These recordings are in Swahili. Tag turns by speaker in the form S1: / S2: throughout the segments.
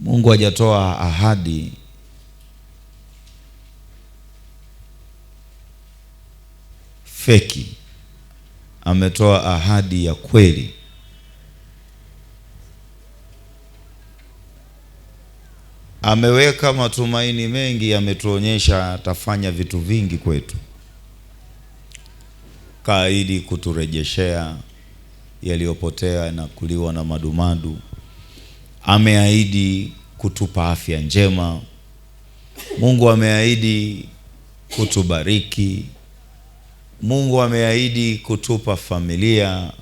S1: Mungu hajatoa ahadi feki, ametoa ahadi ya kweli. Ameweka matumaini mengi, ametuonyesha atafanya vitu vingi kwetu, kaahidi kuturejeshea yaliyopotea na kuliwa na madumadu ameahidi kutupa afya njema. Mungu ameahidi kutubariki. Mungu ameahidi kutupa familia.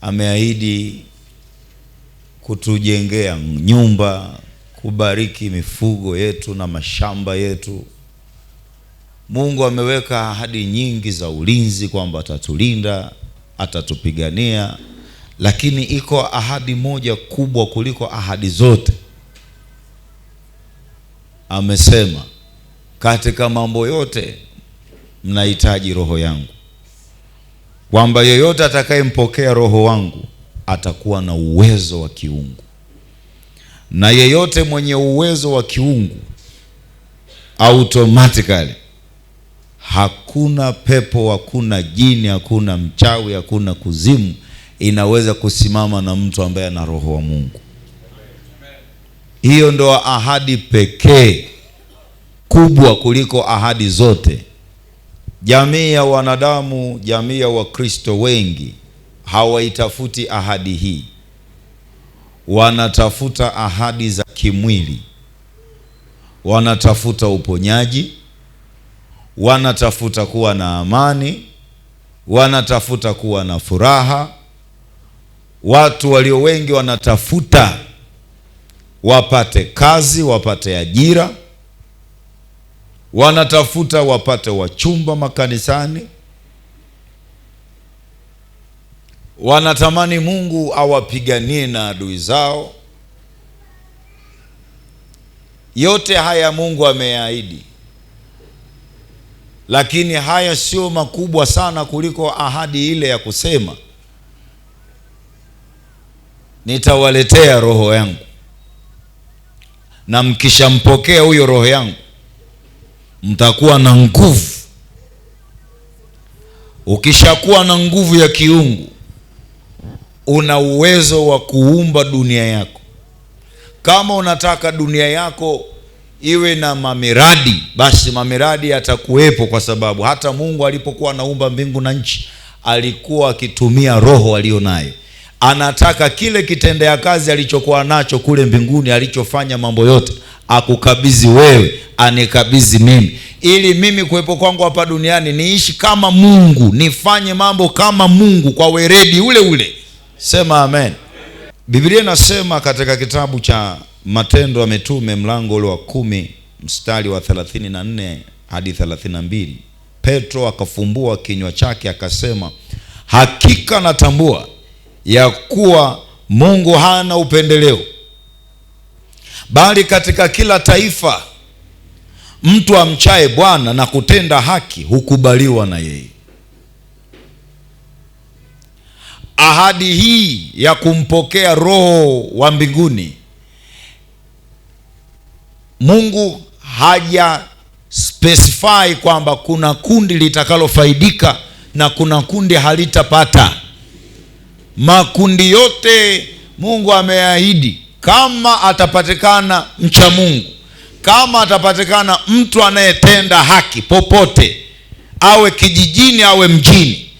S1: Ameahidi kutujengea nyumba, kubariki mifugo yetu na mashamba yetu. Mungu ameweka ahadi nyingi za ulinzi kwamba atatulinda, atatupigania lakini iko ahadi moja kubwa kuliko ahadi zote. Amesema katika mambo yote mnahitaji roho yangu, kwamba yeyote atakayempokea roho wangu atakuwa na uwezo wa kiungu, na yeyote mwenye uwezo wa kiungu automatically hakuna pepo, hakuna jini, hakuna mchawi, hakuna kuzimu inaweza kusimama na mtu ambaye ana roho wa Mungu. Hiyo ndo ahadi pekee kubwa kuliko ahadi zote. Jamii ya wanadamu, jamii ya Wakristo wengi hawaitafuti ahadi hii, wanatafuta ahadi za kimwili, wanatafuta uponyaji, wanatafuta kuwa na amani, wanatafuta kuwa na furaha watu walio wengi wanatafuta wapate kazi, wapate ajira, wanatafuta wapate wachumba makanisani, wanatamani Mungu awapiganie na adui zao. Yote haya Mungu ameyaahidi, lakini haya sio makubwa sana kuliko ahadi ile ya kusema nitawaletea roho yangu, na mkishampokea huyo roho yangu mtakuwa na nguvu. Ukishakuwa na nguvu ya kiungu, una uwezo wa kuumba dunia yako. Kama unataka dunia yako iwe na mamiradi, basi mamiradi yatakuwepo, kwa sababu hata Mungu alipokuwa anaumba mbingu na nchi alikuwa akitumia roho aliyonayo anataka kile kitendea kazi alichokuwa nacho kule mbinguni, alichofanya mambo yote, akukabidhi wewe, anikabidhi mimi, ili mimi kuwepo kwangu hapa duniani niishi kama Mungu, nifanye mambo kama Mungu kwa weredi ule ule. Sema amen. Biblia inasema katika kitabu cha Matendo ya Mitume mlango ule wa kumi mstari wa 34 hadi 32, Petro akafumbua kinywa chake akasema, hakika natambua ya kuwa Mungu hana upendeleo, bali katika kila taifa mtu amchaye Bwana na kutenda haki hukubaliwa na yeye. Ahadi hii ya kumpokea Roho wa mbinguni, Mungu haja specify kwamba kuna kundi litakalofaidika na kuna kundi halitapata makundi yote Mungu ameahidi kama atapatikana mcha Mungu, kama atapatikana mtu anayetenda haki popote, awe kijijini, awe mjini,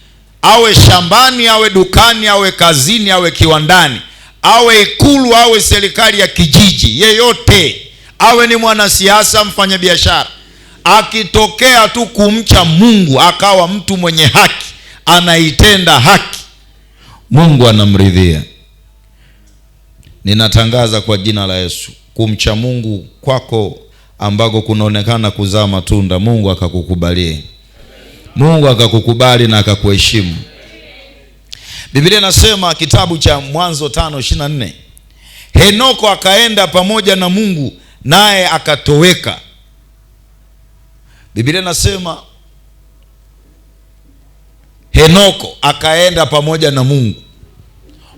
S1: awe shambani, awe dukani, awe kazini, awe kiwandani, awe Ikulu, awe serikali ya kijiji, yeyote awe ni mwanasiasa, mfanyabiashara, akitokea tu kumcha Mungu akawa mtu mwenye haki, anaitenda haki Mungu anamridhia. Ninatangaza kwa jina la Yesu, kumcha Mungu kwako ambako kunaonekana kuzaa matunda, Mungu akakukubalie, Mungu akakukubali na akakuheshimu. Biblia inasema kitabu cha Mwanzo tano Henoko akaenda pamoja na Mungu naye akatoweka. Biblia inasema Henoko akaenda pamoja na Mungu.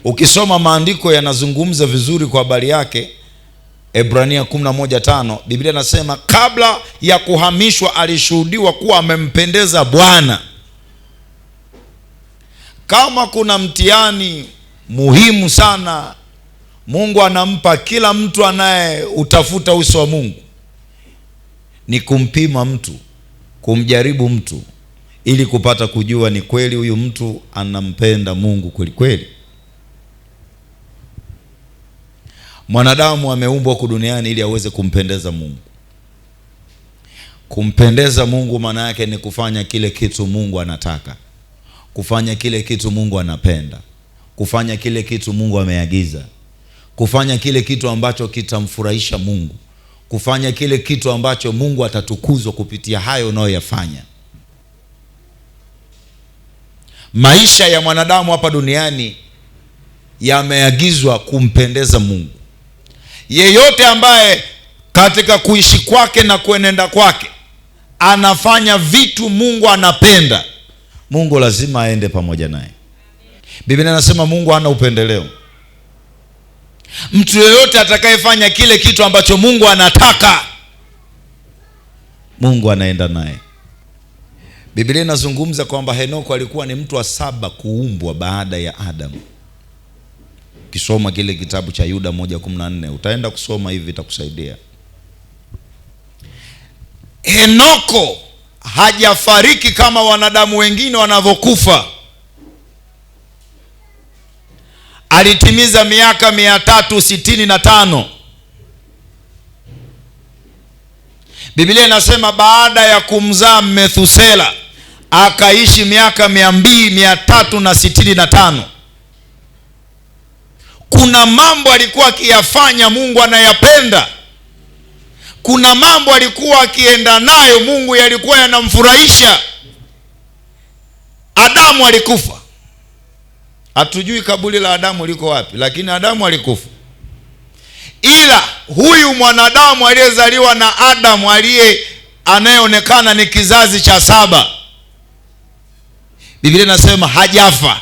S1: Ukisoma maandiko yanazungumza vizuri kwa habari yake. Ebrania 11:5 Biblia nasema kabla ya kuhamishwa alishuhudiwa kuwa amempendeza Bwana. Kama kuna mtihani muhimu sana Mungu anampa kila mtu anayeutafuta uso wa Mungu, ni kumpima mtu, kumjaribu mtu ili kupata kujua ni kweli huyu mtu anampenda Mungu kweli kweli. Mwanadamu ameumbwa huku duniani ili aweze kumpendeza Mungu. Kumpendeza Mungu maana yake ni kufanya kile kitu Mungu anataka, kufanya kile kitu Mungu anapenda, kufanya kile kitu Mungu ameagiza, kufanya kile kitu ambacho kitamfurahisha Mungu, kufanya kile kitu ambacho Mungu atatukuzwa kupitia hayo unayoyafanya. Maisha ya mwanadamu hapa duniani yameagizwa kumpendeza Mungu. Yeyote ambaye katika kuishi kwake na kuenenda kwake anafanya vitu Mungu anapenda, Mungu lazima aende pamoja naye. Biblia anasema Mungu hana upendeleo. Mtu yeyote atakayefanya kile kitu ambacho Mungu anataka, Mungu anaenda naye. Biblia inazungumza kwamba Henoko alikuwa ni mtu wa saba kuumbwa baada ya Adamu. Ukisoma kile kitabu cha Yuda 1:14 utaenda kusoma hivi, itakusaidia. Henoko hajafariki kama wanadamu wengine wanavyokufa. Alitimiza miaka mia tatu sitini na tano. Biblia inasema baada ya kumzaa Methusela akaishi miaka mia mbili mia tatu na sitini na tano. Kuna mambo alikuwa akiyafanya Mungu anayapenda, kuna mambo alikuwa akienda nayo Mungu yalikuwa yanamfurahisha. Adamu alikufa, hatujui kaburi la Adamu liko wapi, lakini Adamu alikufa. Ila huyu mwanadamu aliyezaliwa na Adamu aliye anayeonekana ni kizazi cha saba Biblia inasema hajafa,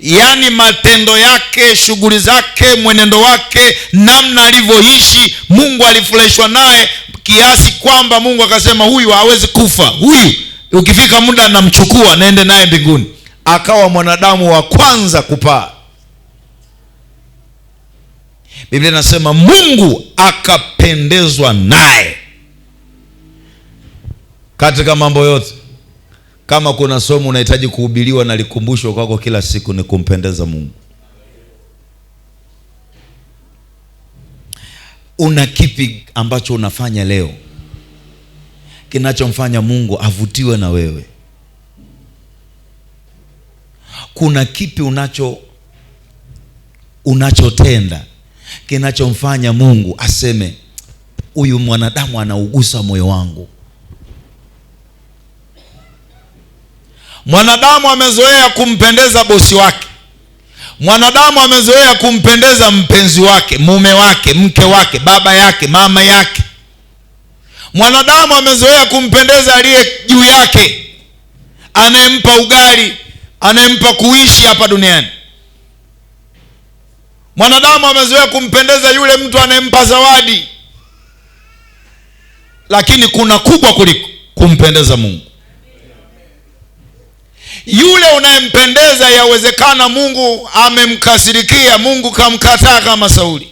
S1: yaani matendo yake, shughuli zake, mwenendo wake, namna alivyoishi, Mungu alifurahishwa naye kiasi kwamba Mungu akasema huyu hawezi kufa, huyu ukifika muda namchukua naende naye mbinguni. Akawa mwanadamu wa kwanza kupaa. Biblia inasema Mungu akapendezwa naye katika mambo yote. Kama kuna somo unahitaji kuhubiriwa na likumbushwa kwako kila siku ni kumpendeza Mungu. Una kipi ambacho unafanya leo kinachomfanya Mungu avutiwe na wewe? Kuna kipi unacho unachotenda kinachomfanya Mungu aseme huyu mwanadamu anaugusa moyo wangu? Mwanadamu amezoea kumpendeza bosi wake, mwanadamu amezoea kumpendeza mpenzi wake, mume wake, mke wake, baba yake, mama yake. Mwanadamu amezoea kumpendeza aliye juu yake, anayempa ugali, anayempa kuishi hapa duniani. Mwanadamu amezoea kumpendeza yule mtu anayempa zawadi, lakini kuna kubwa kuliko kumpendeza Mungu yule unayempendeza, yawezekana Mungu amemkasirikia, Mungu kamkataa kama Sauli,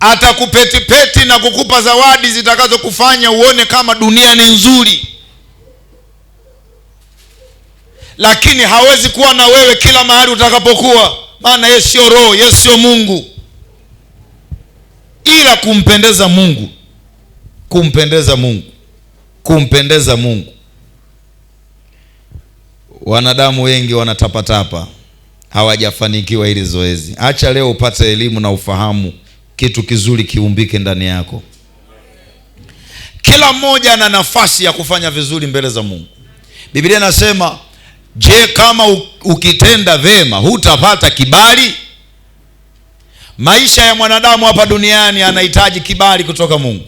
S1: atakupetipeti na kukupa zawadi zitakazokufanya uone kama dunia ni nzuri, lakini hawezi kuwa na wewe kila mahali utakapokuwa, maana yeye sio roho, yeye sio Mungu, ila kumpendeza Mungu, kumpendeza Mungu, kumpendeza Mungu Wanadamu wengi wanatapatapa, hawajafanikiwa hili zoezi. Acha leo upate elimu na ufahamu, kitu kizuri kiumbike ndani yako. Kila mmoja ana nafasi ya kufanya vizuri mbele za Mungu. Biblia inasema, je, kama ukitenda vema hutapata kibali? Maisha ya mwanadamu hapa duniani anahitaji kibali kutoka Mungu.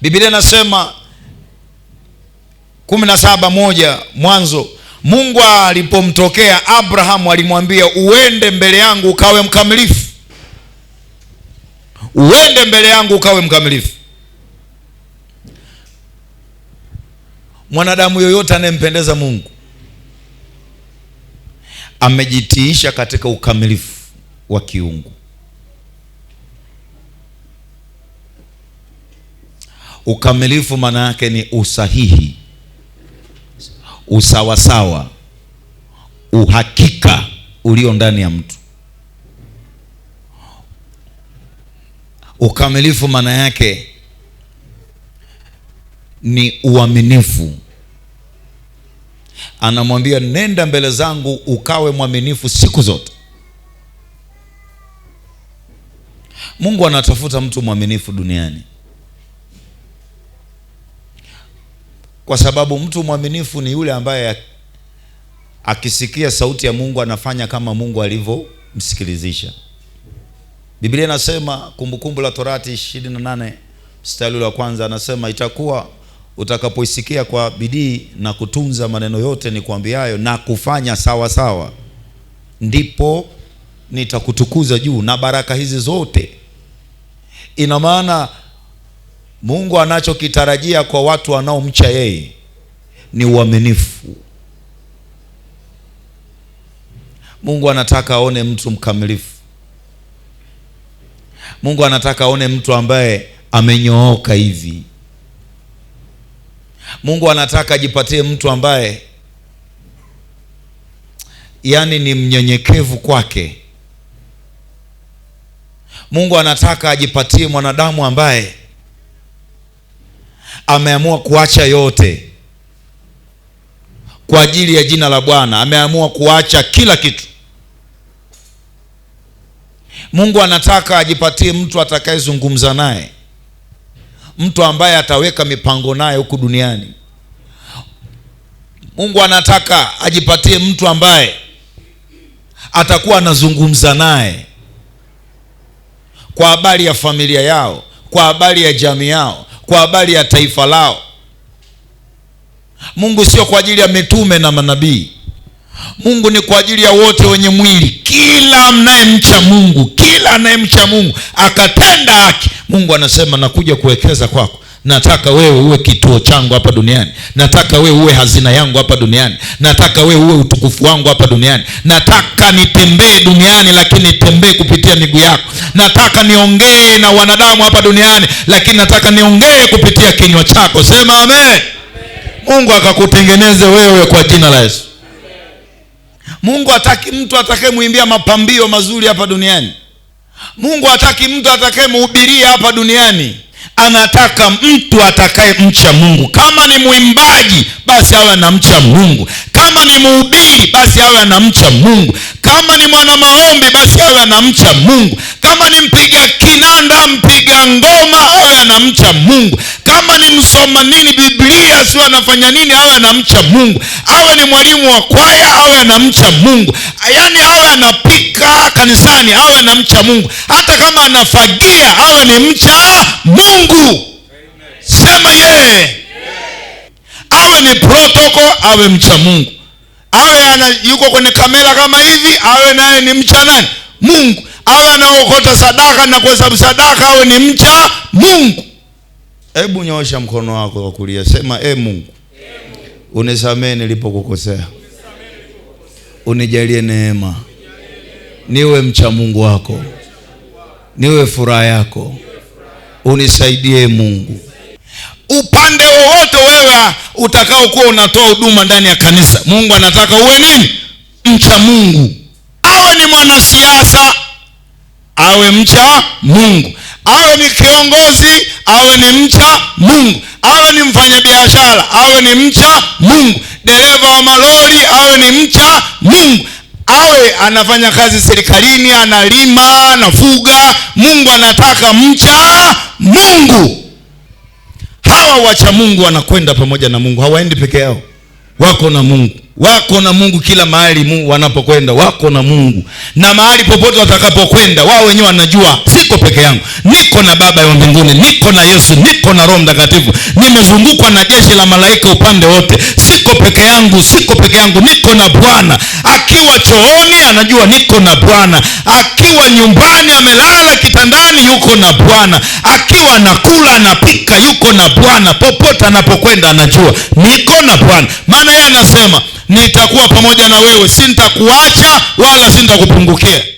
S1: Biblia inasema kumi na saba moja Mwanzo. Mungu alipomtokea Abrahamu alimwambia uende mbele yangu ukawe mkamilifu, uende mbele yangu ukawe mkamilifu. Mwanadamu yoyote anayempendeza Mungu amejitiisha katika ukamilifu wa kiungu. Ukamilifu maana yake ni usahihi usawasawa, uhakika ulio ndani ya mtu. Ukamilifu maana yake ni uaminifu. Anamwambia, nenda mbele zangu ukawe mwaminifu siku zote. Mungu anatafuta mtu mwaminifu duniani. kwa sababu mtu mwaminifu ni yule ambaye akisikia sauti ya Mungu anafanya kama Mungu alivyomsikilizisha. Biblia inasema Kumbukumbu la Torati 28 mstari wa kwanza, anasema itakuwa utakapoisikia kwa bidii na kutunza maneno yote kuambiayo na kufanya sawa sawa, ndipo nitakutukuza juu na baraka hizi zote. Ina maana Mungu anachokitarajia kwa watu wanaomcha yeye ni uaminifu. Mungu anataka aone mtu mkamilifu. Mungu anataka aone mtu ambaye amenyooka hivi. Mungu anataka ajipatie mtu ambaye yaani ni mnyenyekevu kwake. Mungu anataka ajipatie mwanadamu ambaye ameamua kuacha yote kwa ajili ya jina la Bwana, ameamua kuacha kila kitu. Mungu anataka ajipatie mtu atakayezungumza naye, mtu ambaye ataweka mipango naye huku duniani. Mungu anataka ajipatie mtu ambaye atakuwa anazungumza naye kwa habari ya familia yao, kwa habari ya jamii yao, kwa habari ya taifa lao. Mungu sio kwa ajili ya mitume na manabii. Mungu ni kwa ajili ya wote wenye mwili, kila mnayemcha Mungu, kila anayemcha Mungu akatenda haki. Mungu anasema nakuja kuwekeza kwako Nataka wewe uwe kituo changu hapa duniani. Nataka wewe uwe hazina yangu hapa duniani. Nataka wewe uwe utukufu wangu hapa duniani. Nataka nitembee duniani, lakini nitembee kupitia miguu yako. Nataka niongee na wanadamu hapa duniani, lakini nataka niongee kupitia kinywa chako. Sema amen, Mungu akakutengeneze wewe kwa jina la Yesu. Mungu hataki mtu atakayemwimbia mapambio mazuri hapa duniani. Mungu hataki mtu atakayemhubiria hapa duniani anataka mtu atakaye mcha Mungu. Kama ni mwimbaji, basi awe anamcha Mungu. Kama ni mhubiri, basi awe anamcha Mungu. Kama ni mwana maombi, basi awe anamcha Mungu. Kama ni mpiga kinanda, mpiga ngoma, awe anamcha Mungu. Kama ni msoma nini Biblia, si anafanya nini, awe anamcha Mungu. Awe ni mwalimu wa kwaya, awe anamcha Mungu, yaani awe ana akikaa kanisani awe na mcha Mungu, hata kama anafagia awe ni mcha Mungu. Sema yeye yeah. Awe ni protoko awe mcha Mungu, awe ana, yuko kwenye kamera kama hivi, awe naye ni mcha nani? Mungu. Awe anaokota sadaka na kuhesabu sadaka, awe ni mcha Mungu. Hebu nyoosha mkono wako wa kulia, sema e Mungu, unisamee nilipokukosea, unijalie neema niwe mcha Mungu wako, niwe furaha yako, unisaidie Mungu. Upande wowote wewe utakaokuwa unatoa huduma ndani ya kanisa, Mungu anataka uwe nini? Mcha Mungu. Awe ni mwanasiasa, awe mcha Mungu. Awe ni kiongozi, awe ni mcha Mungu. Awe ni mfanyabiashara, awe ni mcha Mungu. Dereva wa malori, awe ni mcha Mungu awe anafanya kazi serikalini, analima, anafuga. Mungu anataka mcha Mungu. Hawa wacha Mungu wanakwenda pamoja na Mungu, hawaendi peke yao, wako na Mungu, wako na Mungu kila mahali. Mungu wanapokwenda wako na Mungu, na mahali popote watakapokwenda wao wenyewe wanajua siko peke yangu, niko na Baba wa mbinguni, niko na Yesu, niko na Roho Mtakatifu, nimezungukwa na jeshi la malaika upande wote. Siko peke yangu, siko peke yangu, niko na Bwana. Akiwa chooni anajua niko na Bwana, akiwa nyumbani amelala kitandani yuko na Bwana, akiwa anakula anapika yuko na Bwana, popote anapokwenda anajua niko na Bwana, maana yeye anasema nitakuwa pamoja na wewe, sintakuacha wala sintakupungukia.